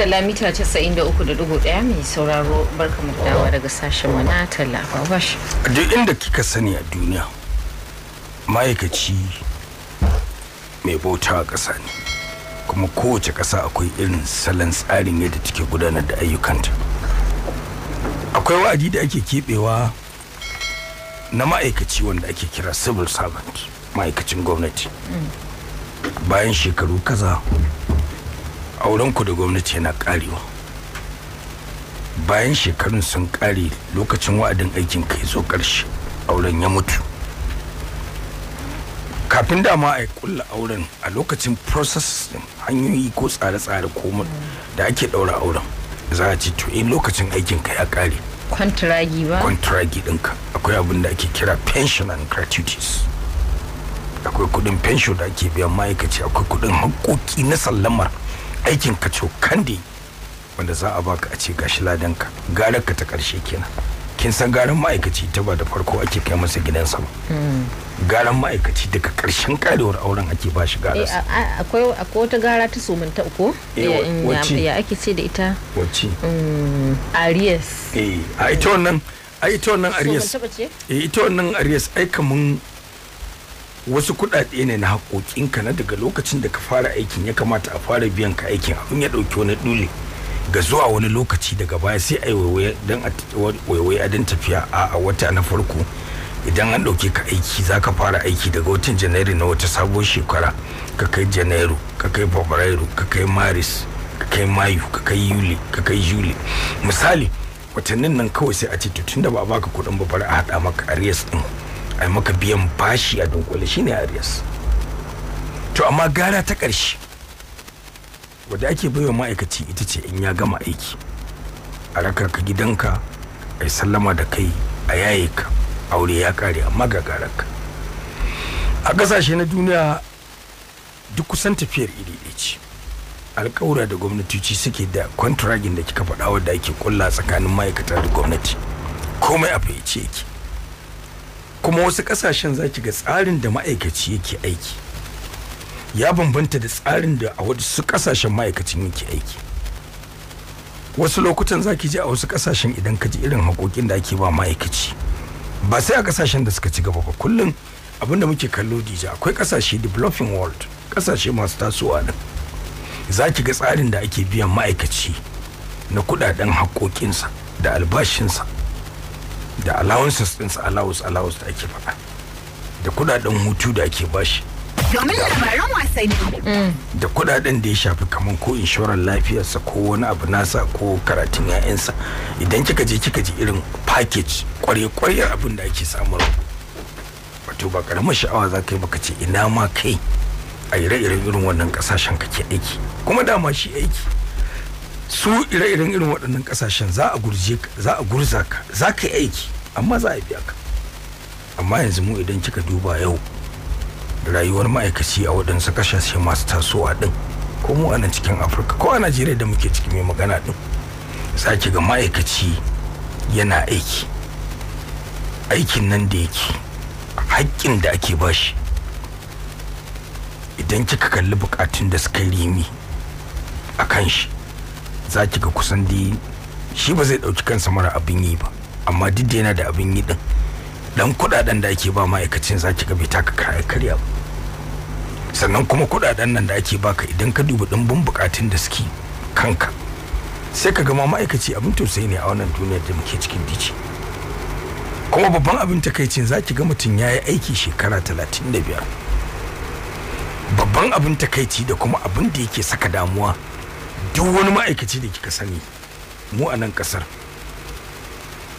Tala mita 93.1 mai sauraro barka da dawa daga sashen mana tala babash. Duk inda kika sani a duniya ma'aikaci mai bauta a ƙasa ne kuma kowace ƙasa akwai irin salon tsarin yadda take gudanar da ayyukanta. Akwai wa'adi da ake keɓewa na ma'aikaci wanda ake kira civil servant ma'aikacin gwamnati. Mm. Bayan shekaru kaza aurenku da gwamnati yana karewa bayan shekarun sun kare lokacin wa'adin aikin kai zo karshe auren ya mutu kafin dama a kulla auren a lokacin process hanyoyi ko tsare-tsare komai da ake daura auren za a ci to in eh, lokacin aikin kai ya kare kwantiragi ba kwantiragi ɗinka akwai abin da ake kira pension and gratuities akwai kudin pension da ake biyan ma'aikaci akwai kudin hankoki na sallamar aikin ka kande wanda za a baka a ce gashi ladanka garar ka ta karshe kenan kin san garan ma'aikaci ta ba da farko ake kai masa gidansa ba hmm. garan ma'aikaci daga karshen karewar auren ake ba shi gararsa eh, akwai wata gara ta sumunta uku eh, ya ake ce da ita wacce hmm, arias eh a ita wannan a ita wannan arias eh ita wannan arias ai kaman wasu kuɗaɗe ne na haƙoƙinka na daga lokacin da ka fara aikin ya kamata a fara biyan ka aikin abin ya ɗauki wani dule ga zuwa wani lokaci daga baya sai a yi waiwaye don tafiya a wata na farko idan an ɗauke ka aiki za ka fara aiki daga watan janairu na wata sabuwar shekara ka kai janairu ka kai fabrairu ka kai maris ka kai mayu ka kai yuli ka kai juli misali watannin nan kawai sai a ce tun da ba baka kuɗin ba bari a haɗa maka arias ɗin a maka biyan bashi a dunkule shine arias to amma gara ta karshe wadda ake baiwa ma'aikaci ita ce in ya gama aiki a raka ka gidanka a sallama da kai a yaye ka aure ya kare amma ga garaka a ƙasashe na duniya duk kusan tafiyar iri ɗaya ce alƙawura da gwamnatoci suke da kwantiragin da kika faɗa wadda ake ƙulla tsakanin ma'aikata da gwamnati komai a fahimce yake kuma wasu kasashen za ki ga tsarin da ma'aikaci yake aiki ya bambanta da tsarin da a wasu kasashen ma'aikacin yake aiki wasu lokutan za ki ji a wasu kasashen idan ka ji irin haƙoƙin da ake ba ma'aikaci ba sai a kasashen da suka ci gaba ba kullum abinda muke kallo dija akwai kasashe developing world kasashe masu tasowa nan za ki ga tsarin da ake biyan ma'aikaci na kudaden haƙoƙinsa da albashinsa da allowances din allowance allowance da ake faɗa da kudaden hutu da ake bashi domin labaran wasanni mm. da kudaden da ya shafi kamar ko inshoran lafiyarsa ko wani abu nasa ko karatun ya'yansa idan kika je kika ji irin package kware-kwaryar abin da ake samu wato ba karamar sha'awa za ka yi baka ce ina ma kai a ire-iren irin wannan kasashen kake aiki kuma dama shi aiki su ire-iren irin waɗannan ƙasashen za a gurje za a gurza ka za ka yi aiki amma za a biya ka amma yanzu mu idan kika duba yau rayuwar ma'aikaci a waɗansu ƙasashe masu tasowa ɗin ko mu a cikin afirka ko a najeriya da muke ciki mai magana ɗin za ki ga ma'aikaci yana aiki aikin nan da yake haƙƙin da ake bashi idan kika kalli buƙatun da suka rimi a kan shi za ki ga kusan dai shi ba zai ɗauki kansa mara abin yi ba amma duk da yana da abin yi ɗin dan kuɗaɗen da ake ba ma'aikacin za ki ga bai taka karya ba sannan kuma kuɗaɗen nan da ake baka idan ka duba ɗumbin buƙatun da suke kanka sai ka gama ma'aikaci abin tausayi ne a wannan duniyar da muke cikin dici kuma babban abin takaicin za ki ga mutum ya yi aiki shekara talatin da biyar babban abin takaici da kuma abin da yake saka damuwa duk wani ma'aikaci da kika sani mu a nan kasar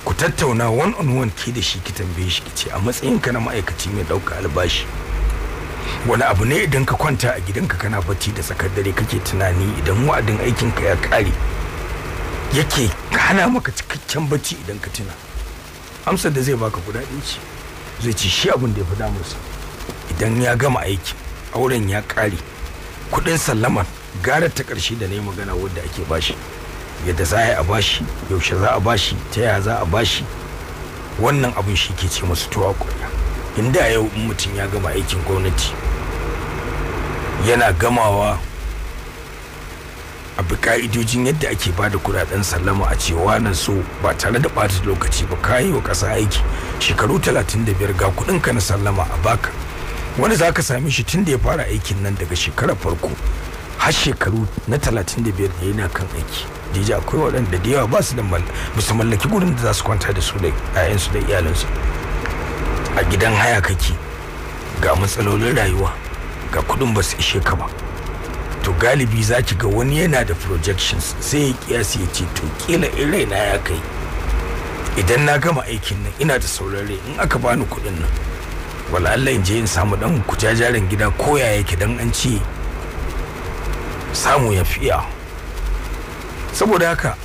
ku tattauna one on one ke da shi ki tambaye shi ki ce a matsayinka na ma'aikaci mai ɗauka albashi wani abu ne idan ka kwanta a gidanka kana bacci da tsakar dare kake tunani idan wa'adin aikinka ya kare yake hana maka cikakken bacci idan ka tuna amsar da zai baka guda ɗin ce zai ci shi abin da ya fi damunsa idan ya gama aiki auren ya ƙare kuɗin sallamar gara ta ƙarshe da na yi magana wadda ake bashi yadda za a bashi yaushe za a bashi ta yaya za a bashi wannan abin shi ke ce masu tuwa ƙwarya inda yau in mutum ya gama aikin gwamnati yana gamawa a bi ka'idojin yadda ake ba da kudaden sallama a cewa nan so ba tare da ɓata lokaci ba yi wa ƙasa aiki shekaru 35 ga kuɗinka na sallama a baka wani za ka same shi tun da ya fara aikin nan daga shekarar farko har shekaru na 35 da yana kan aiki da akwai waɗanda da yawa ba su da su mallaki gurin da za su kwanta da su da 'ya'yansu da iyalinsu a gidan haya kake ga matsalolin rayuwa ga kudin ba su ishe ka ba to galibi za ki ga wani yana da projections sai ya kiyasi ya ce to kila in raina ya kai idan na gama aikin nan ina da saurare in aka bani kudin nan wala Allah in je in samu dan kujajaren gida ko ya yake dan an ce samu ya fiya saboda haka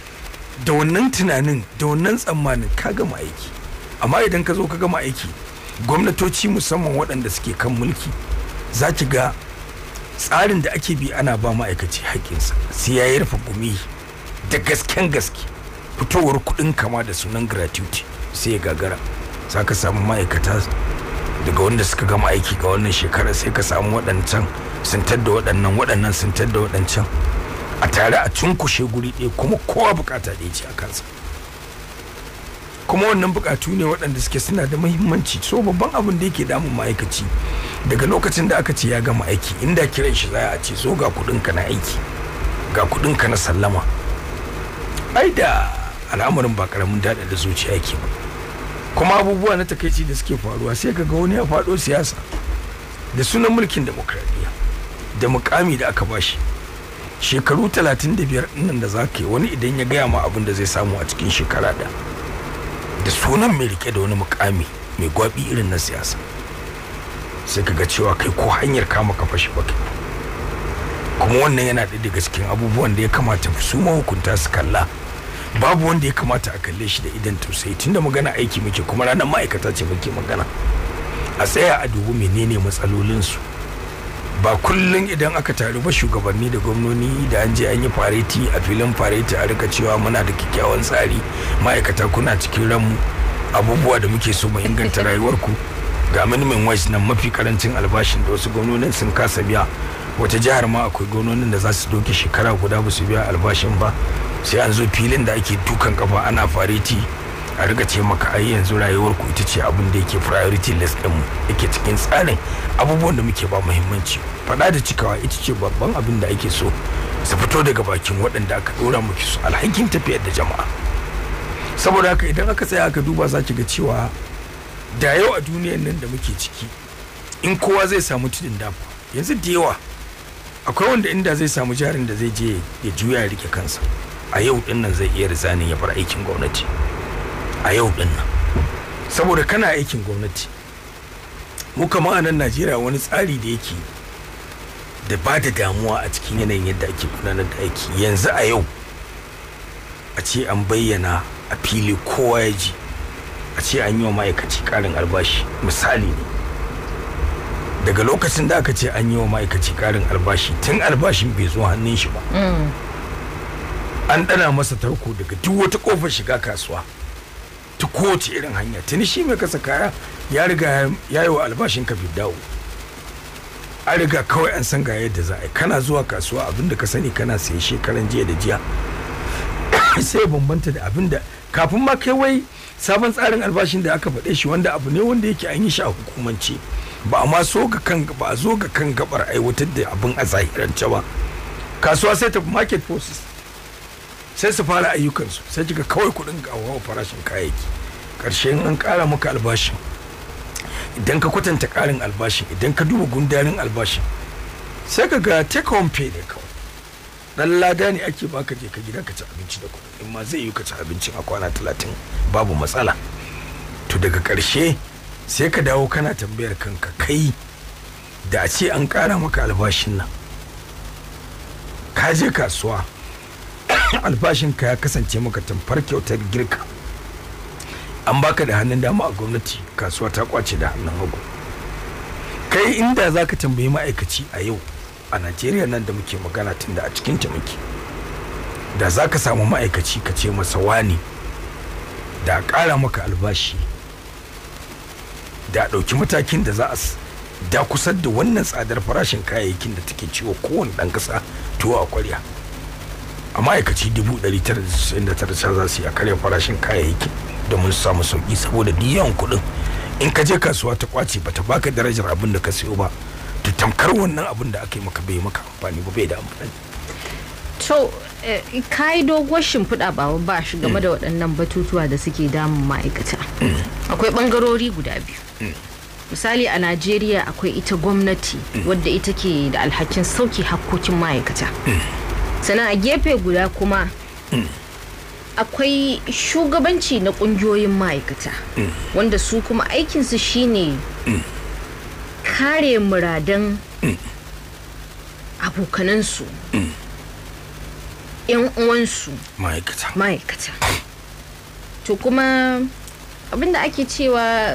da wannan tunanin da wannan tsammanin ka gama aiki amma idan ka zo ka gama aiki gwamnatoci musamman waɗanda suke kan mulki za ki ga tsarin da ake bi ana ba ma'aikaci haƙƙinsa sai ya yi rufe gumi da gasken gaske fitowar kuɗin kama da sunan gratuity sai ya gagara za ka samu ma'aikata daga wanda suka gama aiki ga wannan shekarar sai ka samu waɗancan sun tadda waɗannan waɗannan sun tadda waɗancan a tare a cunkushe guri ɗaya kuma kowa bukata ɗaya ce a kansa kuma wannan bukatu ne waɗanda suke suna da mahimmanci so babban abin da yake damun ma'aikaci daga lokacin da aka ce ya gama aiki inda kiran shi za a ce so ga kuɗinka na aiki ga kuɗinka na sallama ai da al'amarin ba karamin daɗa da zuciya yake ba kuma abubuwa na takaici da suke faruwa sai ka ga wani ya faɗo siyasa da sunan mulkin demokradiyya da mukami da aka bashi shekaru 35 nan da zaka yi wani idan ya gaya ma abin da zai samu a cikin shekara da da sunan mai rike da wani mukami mai gwabi irin na siyasa sai ka ga cewa kai ko hanyar kama ka fashi ba kai kuma wannan yana da daga cikin abubuwan da ya kamata su mahukunta su kalla babu wanda ya kamata a kalle shi da idan tausayi tunda magana aiki muke kuma ranar ma'aikata ce muke magana a tsaya a dubu menene matsalolinsu su ba kullum idan aka taru ba shugabanni da gwamnoni da an je an yi fareti a filin fareti a rika cewa muna da kyakkyawan tsari ma'aikata kuna cikin ranmu abubuwa da muke so mu inganta rayuwarku ga minimum wage nan mafi karancin albashin da wasu gwamnonin sun kasa biya wata jihar ma akwai gwamnonin da za su doke shekara guda ba su biya albashin ba sai an zo filin da ake dukan kafa ana fareti a riga ce maka ai yanzu rayuwar ku ita ce abin da yake priority list din mu yake cikin tsarin abubuwan da muke ba muhimmanci faɗa da cikawa ita ce babban abin da ake so su fito daga bakin waɗanda aka ɗora muke su alhakin tafiyar da jama'a saboda haka idan aka tsaya aka duba za ga cewa da yau a duniyar nan da muke ciki in kowa zai samu tudun dafa yanzu da yawa akwai wanda inda zai samu jarin da zai je ya juya ya rike kansa a yau dinnan zai iya rizanin ya bar aikin gwamnati a yau din nan saboda kana aikin gwamnati mu kamar a nan najeriya wani tsari da yake da ba da damuwa a cikin yanayin yadda ake gudanar da aiki yanzu a yau a ce an bayyana a fili kowa ya ji a ce an yi wa ma'aikaci karin albashi misali ne daga lokacin da aka ce an yi wa ma'aikaci karin albashi tun albashin bai zo hannun shi ba mm. an ɗana masa tarko daga duk wata ƙofar shiga kasuwa ta kowace irin hanya tuni shi mai kasa kaya ya riga ya yi wa albashin ka dawo a riga kawai an san ga yadda za a yi kana zuwa kasuwa abin da ka sani kana sayi shekaran jiya da jiya sai ya bambanta da abin da kafin ma kai wai sabon tsarin albashin da aka faɗe shi wanda abu ne wanda yake an yi shi a hukumance ba a ba a zo ga kan gabar aiwatar da abin a zahirance ba kasuwa sai tafi market forces sai su fara ayyukansu sai kika kawai kuɗin ga farashin kayayyaki karshe an ƙara maka albashi idan ka kwatanta ƙarin albashi idan ka duba gundarin albashi sai ka ga take home pay ne kawai dan lada ne ake baka je ka gida ka ci abinci da kuɗi in ma zai yi ka ci abincin a kwana talatin babu matsala to daga ƙarshe sai ka dawo kana tambayar kanka kai da a ce an ƙara maka albashin nan ka je kasuwa albashinka ya kasance maka tamfar kyautar girka an baka da hannun dama a gwamnati kasuwa ta kwace da hannun hagu kai inda za ka tambayi ma'aikaci a yau a najeriya nan da muke magana tun da a cikin ta muke da za ka samu ma'aikaci ka ce masa wani da a ƙara maka albashi da a ɗauki matakin da za a da kusa da wannan tsadar farashin kayayyakin da take ciwo kowane ɗan ƙasa tuwo a kwarya a ma'aikaci 1999 za su yi a karya farashin kayayyaki domin su samu sauki saboda diyan kuɗin in ka je kasuwa ta kwace bata baka darajar abin da ka sayo ba to tamkar wannan abin da aka yi maka bai maka amfani ba bai da amfani to eh, ka yi doguwar shimfiɗa ba ba shi game da mm. waɗannan batutuwa da suke damun ma'aikata mm. akwai ɓangarori guda biyu mm. misali a najeriya akwai ita gwamnati wadda ita ke da alhakin sauki hakkokin ma'aikata sannan a gefe guda kuma mm. akwai shugabanci na kungiyoyin ma'aikata mm. wanda su kuma aikinsu shine mm. kare muradan abokanansu yan uwansu ma'aikata to kuma abinda ake cewa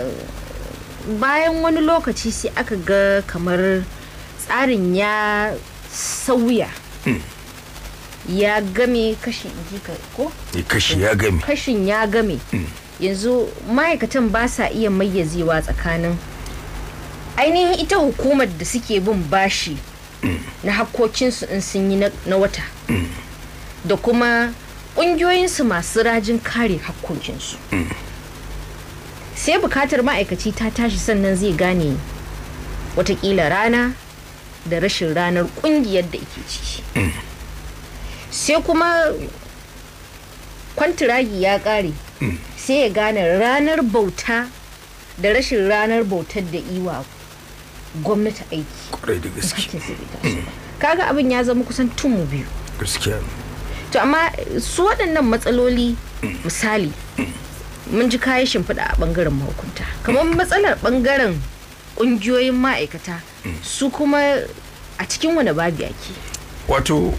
bayan wani lokaci sai aka ga kamar tsarin ya sauya ya game kashin eh, kashi ya game kashin ya game mm. yanzu ma'aikatan ba sa iya mayyazewa tsakanin ainihin ita hukumar da suke bin bashi mm. na hakkokinsu in sun yi na wata mm. da kuma ƙungiyoyinsu masu rajin kare hakkokinsu sai bukatar ma'aikaci ta tashi sannan zai gane watakila rana da rashin ranar ƙungiyar da ke ciki sai kuma kwantiragi ya kare mm. sai ya gane ranar bauta da rashin ranar bautar da iwa gwamnati aiki kwarai da gaske mm. kaga abin ya zama kusan tumu biyu to amma su waɗannan matsaloli mm. misali mun ji kayan shimfiɗa a ɓangaren mahukunta kamar matsalar ɓangaren ƙungiyoyin ma'aikata su kuma a cikin wani babi ake wato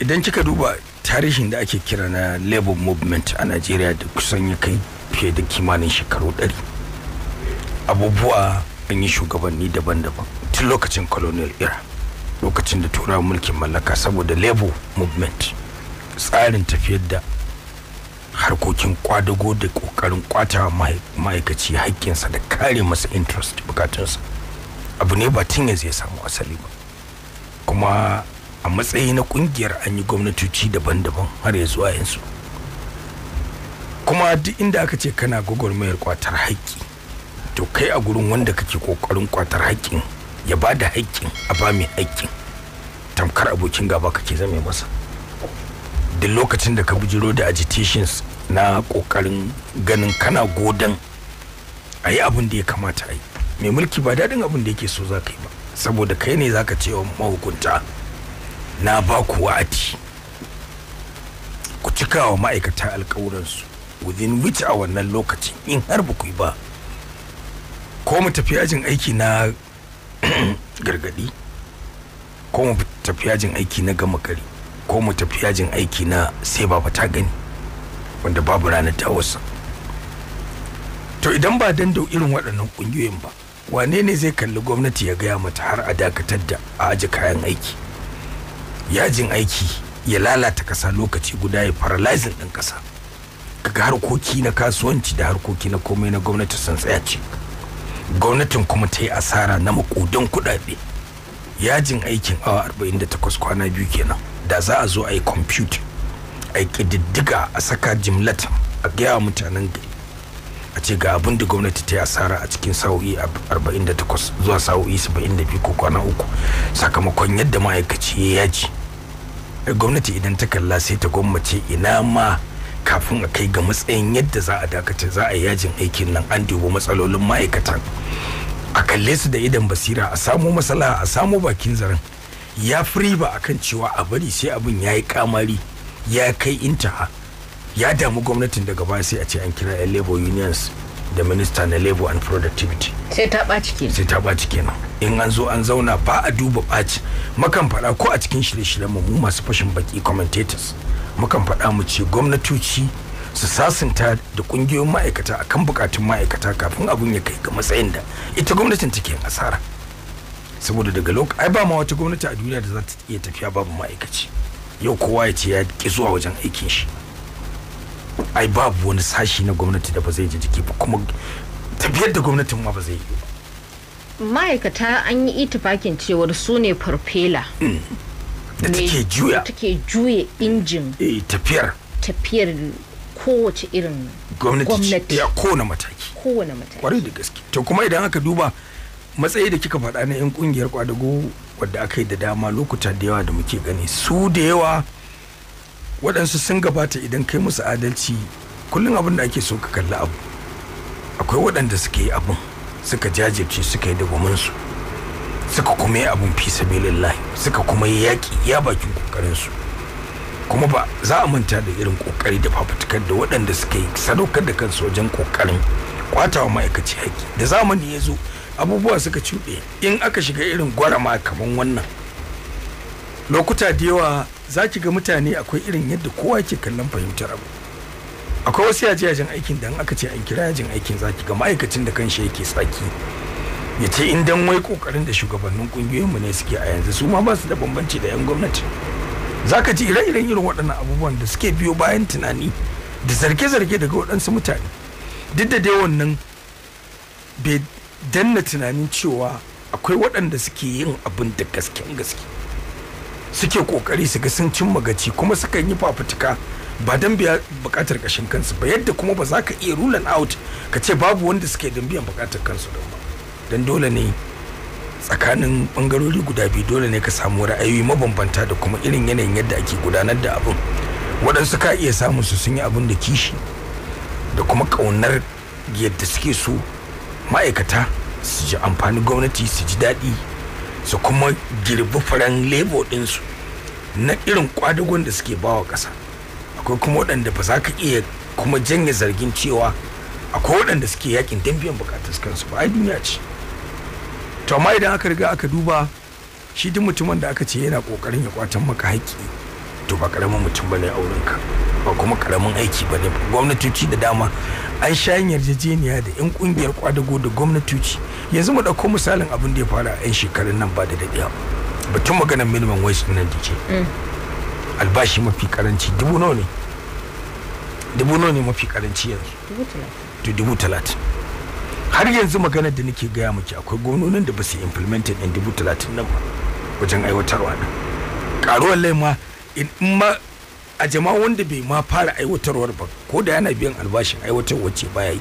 idan kika duba tarihin da ake kira na labor movement a najeriya da kusan ya kai fiye da kimanin shekaru ɗari abubuwa an yi shugabanni daban-daban tun lokacin colonial era lokacin da turawa mulkin mallaka saboda labor movement tsarin tafiyar da harkokin kwadago da kokarin kwata ma'aikaci haƙƙinsa da kare masa interest bukatunsa abu ne ba tun ya zai samu asali ba kuma a matsayi na kungiyar an yi gwamnatoci daban-daban har ya zuwa yanzu kuma duk inda aka ce kana gwagwarmayar kwatar haƙƙi to kai a gurin wanda kake kokarin kwatar haƙƙin ya ba da haƙƙin a ba mai haƙƙin tamkar abokin gaba kake zame masa duk lokacin da ka jiro da agitations na kokarin ganin kana godan a yi abin da ya kamata a yi mai mulki ba daɗin abin da yake so za ka yi ba saboda kai ne za ka ce wa mahukunta na ba ku wa'adi ku cika wa ma'aikata alkawuransu within which a wannan lokacin in har ba ku yi ba ko mu tafi yajin aiki na gargadi ko mu tafi yajin aiki na gama gari ko mu tafi yajin aiki na sai ba ta gani wanda babu ranar tawarsa to idan ba dan da irin waɗannan ƙungiyoyin ba wane ne zai kalli gwamnati ya gaya mata har a dakatar da a aji kayan aiki yajin aiki ya lalata kasa lokaci guda ya paralyzing ɗin kasa kaga harkoki na kasuwanci da harkoki na komai na gwamnati sun tsaya ce gwamnatin kuma ta yi asara na makudan kuɗaɗe yajin aikin awa 48 kwana biyu kenan da za a zo a yi compute a yi ƙididdiga a saka jimlatin a gaya mutanen a ce ga abin da gwamnati ta yi asara a cikin sa'o'i 48 zuwa sa'o'i 72 ko kwana uku sakamakon yadda ma'aikaci ya yaji gwamnati idan ta kalla sai ta gwammace ina ma kafin a kai ga matsayin yadda za a dakace za a yajin aikin nan an dubo matsalolin ma'aikatan a kalle su da idan basira a samo masala a samo bakin zaren ya fi riba kan cewa a bari sai abin ya yi kamari ya kai intaha ya damu gwamnatin daga baya sai a ce an kira yan labor unions da minista na labor and productivity sai ta ɓaci kenan sai ta ɓaci kenan in an zo an zauna ba a duba ɓaci makan faɗa ko a cikin shirye-shiryen mu masu fashin baki commentators makan faɗa mu ce gwamnatoci su sasanta da ƙungiyoyin ma'aikata akan bukatun ma'aikata kafin abun ya kai ga matsayin da ita gwamnatin take yin asara saboda daga lokaci ai ba ma wata gwamnati a duniya da za ta iya tafiya babu ma'aikaci yau kowa ya ce ya ki zuwa wajen aikin shi ai babu wani sashi na gwamnati da ba zai ji jiki ba kuma tafiyar da gwamnatin ma ba zai yi ma'aikata an yi itifakin cewar su ne farfela mm. da take juya take juya injin eh, tafiyar tafiyar kowace irin gwamnati ya kowane mataki kowane mataki kwarai da gaske to kuma idan aka duba matsayi da kika faɗa na 'yan kungiyar kwadago wadda aka yi da dama lokuta da yawa da muke gani su da yawa waɗansu sun gabata idan kai musu adalci kullum abin da ake so ka kalli abu akwai waɗanda suka yi abin suka jajirce suka yi su suka kuma yi abin fi lallai suka kuma yi yaƙi ya bakin ƙoƙarinsu kuma ba za a manta da irin ƙoƙari da fafutukar da waɗanda suka yi sadaukar da kansu wajen ƙoƙarin kwatawa ma'aikaci haƙi da zamani ya zo abubuwa suka cuɗe in aka shiga irin gwarama kamar wannan lokuta da yawa za ki ga mutane akwai irin yadda kowa ke kallon fahimtar abu akwai wasu yaji yajin aikin da aka ce an kira yajin aikin za ki ga ma'aikacin da kanshi yake tsaki ya ce in dan wai kokarin da shugabannin mu ne suke a yanzu su ma ba da bambanci da 'yan gwamnati za ka ji ire-iren irin waɗannan abubuwan da suke biyo bayan tunani da zarge-zarge daga waɗansu mutane duk da dai wannan bai danna tunanin cewa akwai waɗanda suke yin abin da gasken gaske suke kokari su ga sun cimma gaci kuma sukan yi fafutuka ba don biya bukatar kashin kansu ba yadda kuma ba za ka iya rulan out ka ce babu wanda suke don biyan bukatar kansu don ba don dole ne tsakanin bangarori guda biyu dole ne ka samu ra'ayoyi mabambanta da kuma irin yanayin yadda ake gudanar da abin waɗansu ka iya samun su sun yi abin da kishi da kuma ƙaunar yadda suke so ma'aikata su ji amfani gwamnati su ji daɗi su kuma girbi furen lebo su na irin kwadugon da suke bawa ƙasa akwai kuma waɗanda ba za ka iya kuma janye zargin cewa akwai waɗanda suke yakin don biyan bukatun kansu ba ai duniya ce to amma idan aka riga aka duba shi duk mutumin da aka ce yana ƙoƙarin ya kwatan maka haƙƙi to ba ƙaramin mutum ba ne a wurinka ba kuma karamin aiki ba ne gwamnatoci da dama an sha yin yarjejeniya da yan kungiyar kwadago da gwamnatoci yanzu mu dauko misalin abin da ya fara a yan shekarun nan ba da daɗewa batun maganar minimum wage din nan dake mm. albashi mafi karanci dubu nawa ne dubu nawa ne mafi karanci yanzu dubu talatin har yanzu maganar da nake gaya miki akwai gwamnonin da ba su implemented in dubu talatin nan ba wajen aiwatarwa na karuwar laima in ma a jama wanda bai ma fara aiwatarwar ba ko da yana biyan albashin aiwatar wacce baya yi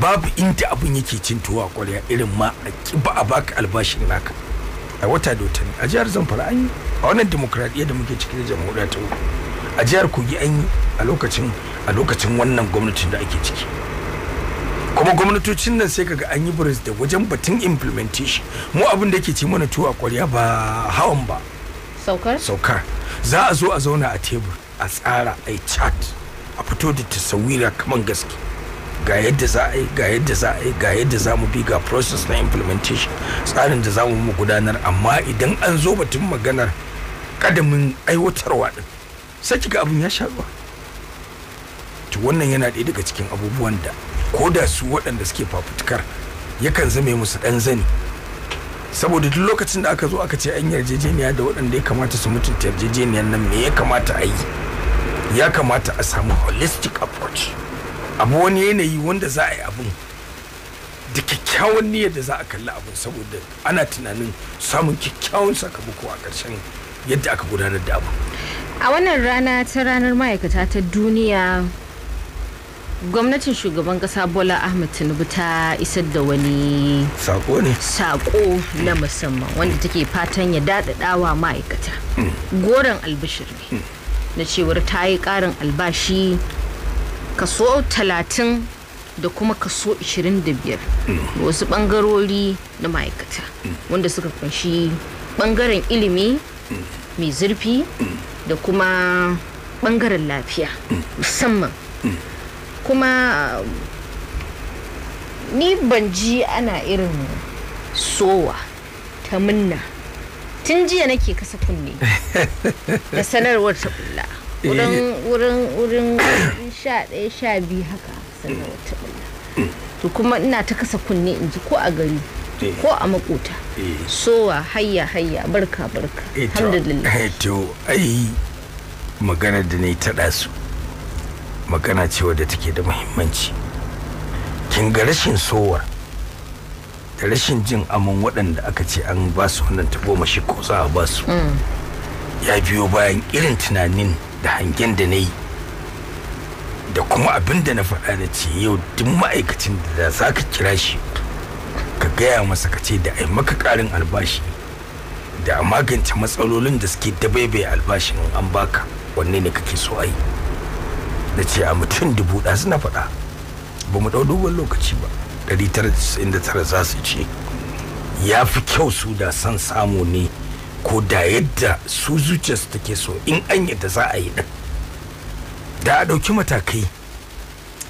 babu inda abin yake cin tuwa kwarya irin ma a ba a baka albashin naka a wata da wata ne a jihar zamfara an yi a wannan demokradiyya da muke ciki jamhuriyar jamhuriya ta a jihar kogi an yi a lokacin a lokacin wannan gwamnatin da ake ciki kuma gwamnatocin nan sai kaga an yi buris da wajen batun implementation mu abin da ke ci mana tuwa kwarya ba hawan ba saukar saukar za a zo a zauna a tebur a tsara a chat a fito da tasawira kaman gaske ga yadda za a yi ga yadda za a yi ga yadda za mu bi ga process na implementation tsarin da za mu mu gudanar amma idan an zo batun maganar kadamin aiwatarwa din sai kiga abin ya sha ruwa to wannan yana ɗaya daga cikin abubuwan da ko da su waɗanda suke fafutukar yakan zame musu ɗan zani saboda duk lokacin da aka zo aka ce an yarjejeniya da waɗanda ya kamata su mutunta yarjejeniyar nan me ya kamata a yi ya kamata a samu holistic approach abu wani yanayi wanda za a yi abin da kyakkyawan niyyar da za a kalli abin saboda ana tunanin samun kyakkyawan sakamako a ƙarshen yadda aka gudanar da abu a wannan rana ta ranar ma'aikata ta duniya gwamnatin shugaban kasa bola ahmed tinubu ta isar da wani sako ne sako na musamman wanda mm. take fatan ya daɗaɗawa ma'aikata mm. goron albishir ne mm. na cewar ta yi ƙarin albashi kaso talatin da kuma kaso 25 wasu ɓangarori na ma'aikata wanda suka kunshi ɓangaren ilimi mai zurfi da kuma ɓangaren lafiya musamman kuma ni ban ji ana irin sowa ta munna tun jiya nake kasa kunne da sanarwar ta kula eh. wurin wurin sha ɗaya sha biyu haka sanarwar ta kula to kuma ina ta kasa kunne in ji ko a gari eh. ko a makota eh. sowa hayya hayya barka barka alhamdulillah to ai maganar da ne ta ɗasu magana ce wadda take da muhimmanci kin ga rashin sowar da rashin jin aman waɗanda aka ce an ba su wannan shi ko za a ba su mm. ya biyo bayan irin tunanin da hangen da na yi da kuma abin da na faɗa na ce yau duk ma'aikacin da za ka kira shi ka gaya masa ka ce da ai maka ƙarin albashi da a magance matsalolin da suke dabaibaye albashin an baka wanne ne kake so a yi da ce a mutum dubu ɗaya suna faɗa ba mu ɗau dogon lokaci ba 999 za su ce ya fi kyau su da san samu ne ko da yadda su zuciyarsu take so in an yadda za a yi ɗin da a ɗauki matakai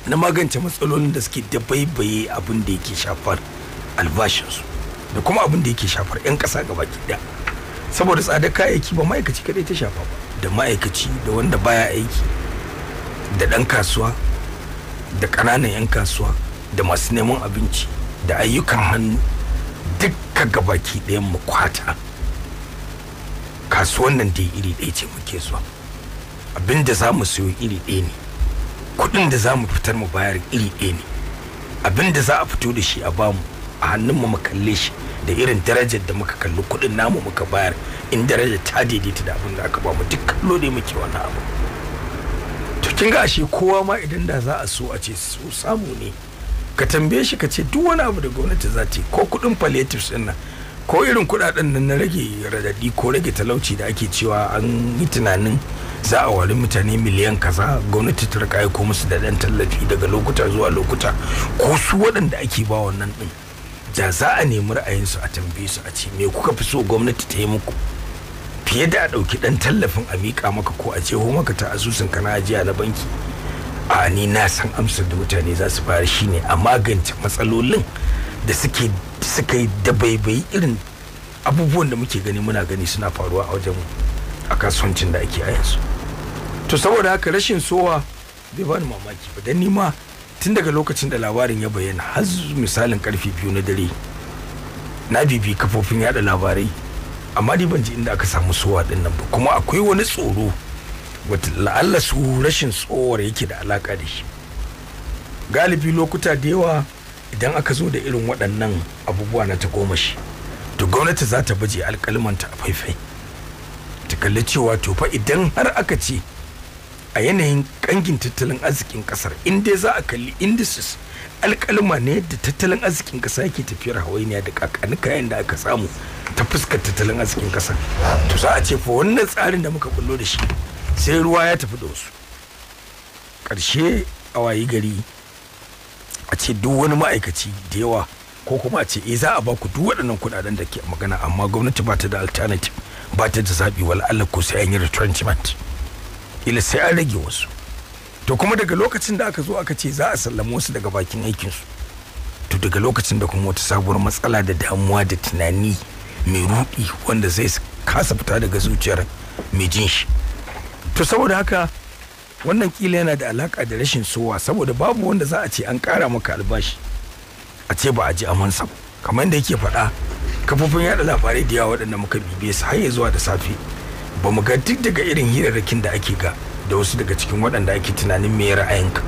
na magance matsalolin da suke dabaibaye abin da yake shafar albashinsu da kuma abin da yake shafar 'yan ƙasa gaba ɗaya saboda tsadar kayayyaki ba ma'aikaci kaɗai ta shafa ba da ma'aikaci da wanda baya aiki da ɗan kasuwa da ƙananan 'yan kasuwa da masu neman abinci da ayyukan hannu dukka gabaki ɗayan mu kwata kasuwan nan dai iri ɗaya ce muke zuwa abin da za mu siyo iri ɗaya ne kuɗin da za mu fitar mu bayar iri ɗaya ne abin da za a fito da shi a bamu a hannun mu mu kalle shi da irin darajar da muka kalli kuɗin namu muka bayar in darajar ta daidaita da abin da aka bamu duk kallo ne muke wani abu kin ga ashe kowa ma idan da za a so a ce su samu ne ka tambaye shi ka ce duk wani abu da gwamnati za ta yi ko kuɗin palliatives din nan ko irin kuɗaɗen nan na rage radadi ko rage talauci da ake cewa an yi tunanin za a wari mutane miliyan kaza gwamnati ta rika aiko musu da dan tallafi daga lokuta zuwa lokuta ko su waɗanda ake ba wannan ɗin da za a nemi ra'ayinsu a tambaye su a ce me kuka fi so gwamnati ta yi muku fiye da a ɗauki ɗan tallafin a miƙa maka ko a jeho maka ta asusun na ajiya na banki a ni na san amsar da mutane za su fara shine a magance matsalolin da suke suka yi dabaibayi irin abubuwan da muke gani muna gani suna faruwa a wajen a kasuwancin da ake a yanzu to saboda haka rashin sowa bai bani mamaki ba dan nima tun daga lokacin da labarin ya bayyana har misalin karfe biyu na dare na bibi kafofin yada labarai amma dai ban ji inda aka samu suwa din nan ba kuma akwai wani tsoro wata la'alla su rashin tsowar yake da alaka da shi galibi lokuta da yawa idan aka zo da irin waɗannan abubuwa na ta tagomashi to gwamnati za ta baje alƙalmanta a faifai ta kalli cewa to fa idan har aka ce a yanayin ƙangin tattalin arzikin ƙasar in za a kalli indices alkalma ne yadda tattalin arzikin kasa yake tafiyar hawainiya da kakanin kayan da aka samu ta fuskar tattalin arzikin ƙasa to za a ce fa wannan tsarin da muka kullo da shi sai ruwa ya tafi da wasu ƙarshe a wayi gari a ce duk wani ma'aikaci da yawa ko kuma a ce eh za a baku duk waɗannan kuɗaɗen da ke magana amma gwamnati ba ta da alternative ba ta da zaɓi wala Allah ko sai an yi retrenchment ila sai an rage wasu to kuma daga lokacin da aka zo aka ce za a sallama wasu daga bakin aikinsu to daga lokacin da kuma wata sabuwar matsala da damuwa da tunani mai rudi wanda zai kasa fita daga zuciyar mai jin shi to saboda haka wannan kila yana da alaka da rashin sowa saboda babu wanda za a ce an ƙara maka albashi a ce ba a ji amansa kamar yadda yake faɗa kafofin yada labarai da yawa waɗanda muka bibe su har ya zuwa da safe ba mu ga duk daga irin hirarrakin da ake ga da wasu daga cikin waɗanda ake tunanin me ra'ayinka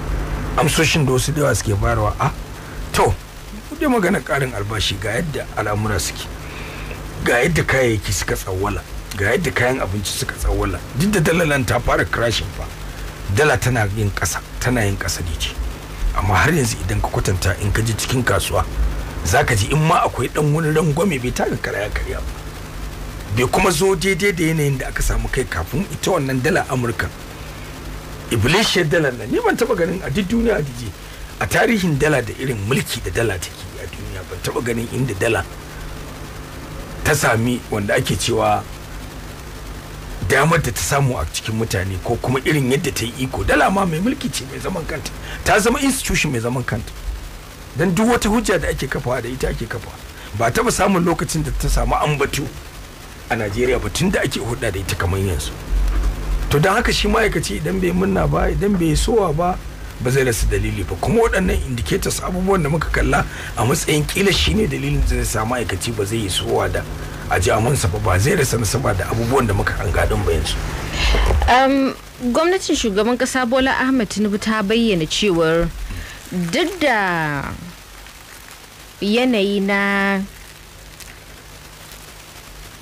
amsoshin da wasu da yawa suke farawa a ah, to dai magana ƙarin albashi ga yadda al'amura suke ga yadda kayayyaki suka tsawwala ga yadda kayan abinci suka tsawwala duk da dalalan ta fara crashin fa dala tana yin ƙasa tana yin ƙasa ne ce amma har yanzu idan ka kwatanta in ka ji cikin kasuwa za ka ji in ma akwai dan wani rangwame bai taka karaya karya ba bai kuma zo daidai da yanayin da aka samu kai kafin ita wannan dala amurka iblishiyar dala nan ni ban taba ganin a duk duniya a a tarihin dala da irin mulki da dala take a duniya ban taba ganin inda dala ta sami wanda ake cewa damar da ta samu a cikin mutane ko kuma irin yadda ta yi iko dala ma mai mulki ce mai zaman kanta ta zama institution mai zaman kanta don duk wata hujja da ake kafawa da ita ake kafawa ba taba samun lokacin da ta samu ambatu a najeriya ba tun da ake hudda da ita kamar yanzu to don haka shi ma'aikaci idan bai munna ba idan bai sowa ba ba zai rasa dalili ba kuma waɗannan indicators abubuwan da muka kalla a matsayin kila shine dalilin da zai sa ma'aikaci ba zai yi sowa da a jamansa ba ba zai rasa nasaba da abubuwan da muka hanga don ba yanzu. gwamnatin shugaban kasa bola ahmed tinubu ta bayyana cewar duk da yanayi na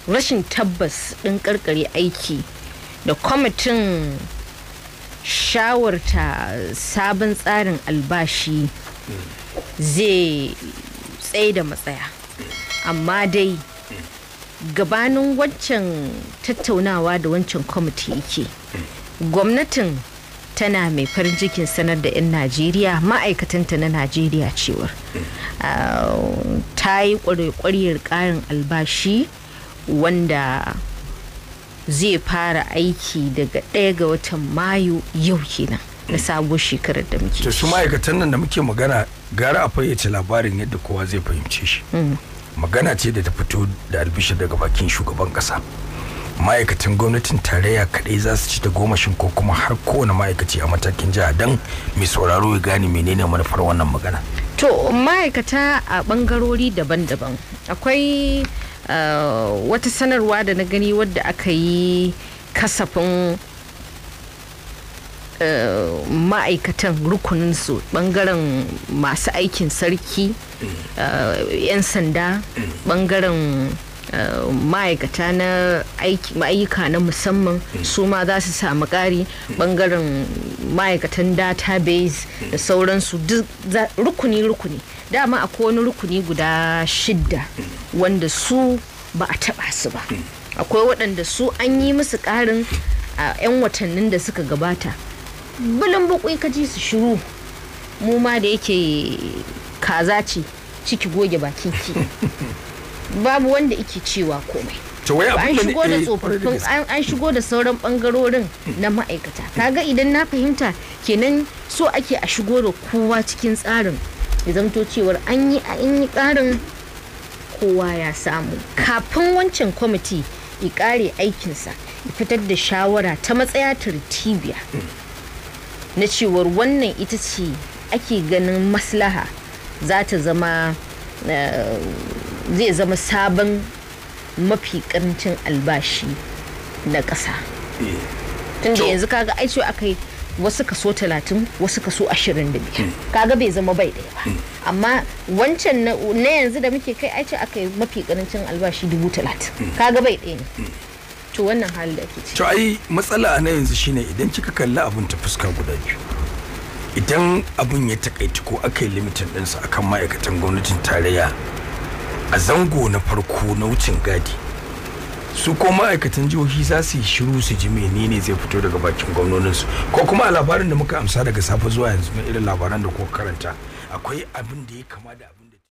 rashin tabbas ɗin karkare aiki da kwamitin shawarta sabon tsarin albashi zai tsaye da matsaya amma dai gabanin wancan tattaunawa da wancan kwamiti yake gwamnatin tana mai farin cikin sanar da 'yan najeriya ma'aikatanta na najeriya cewar ah, ta yi kwarewar ƙarin albashi wanda zai fara aiki daga ɗaya ga watan mayu yau kenan na sabo shekarar da muke ta su ma'aikatan nan da muke magana gara a fayyace labarin yadda kowa zai fahimce shi mm. magana ce da ta fito da albishir daga bakin shugaban kasa ma'aikatan gwamnatin tarayya kadai za su ci ta gomashin ko kuma har kowane ma'aikaci a matakin jiha don mai sauraro ya gane menene manufar wannan magana to ma'aikata a bangarori daban-daban akwai Eh, wata sanarwa da na gani wadda aka yi kasafin ma'aikatan eh, ma'aikatan rukuninsu bangaren masu aikin sarki mm. eh, 'yan sanda bangaren mm. ma'aikata na ayyuka na musamman mm. su ma za su samu ƙari mm. ɓangaren ma'aikatan database mm. da sauransu rukuni-rukuni dama akwai wani rukuni guda shidda wanda su ba a taɓa su ba akwai waɗanda su an yi musu ƙarin a 'yan watannin da suka gabata bulin bakwai ka ji su shiru mu ma da yake kaza ce ciki goge bakin ki babu wanda ike cewa komai an shigo da sauran bangarorin na ma'aikata kaga idan na fahimta kenan so ake a shigo da kowa cikin tsarin ya zamto cewar an yi a yi karin kowa ya samu kafin wancan kwamiti ya kare aikinsa ya fitar da shawara ta matsaya tartibiya na cewar wannan ita ce ake ganin maslaha za ta zama eh, zai zama sabon mafi karancin albashi na ƙasa eh. tunda yanzu kaga aicewa aka yi wasu kaso talatin wasu kaso ashirin da biyar hmm. kaga bai zama bai ɗaya ba hmm. amma wancan na yanzu da muke kai aice aka yi mafi karancin albashi dubu talatin hmm. kaga bai ɗaya ne to wannan hali da ake ci to ai matsala na yanzu shine idan kika kalli abun ta fuska guda biyu idan abun ya takaiti ko aka yi limitin ɗinsa akan ma'aikatan gwamnatin tarayya a zango na farko na wucin gadi su ko ma'aikatan jihohi za su yi shiru su ji menene zai fito daga bakin gwamnoninsu ko kuma a labarin da muka amsa daga safe zuwa yanzu irin labaran da kuka karanta akwai abin da ya kama da abin.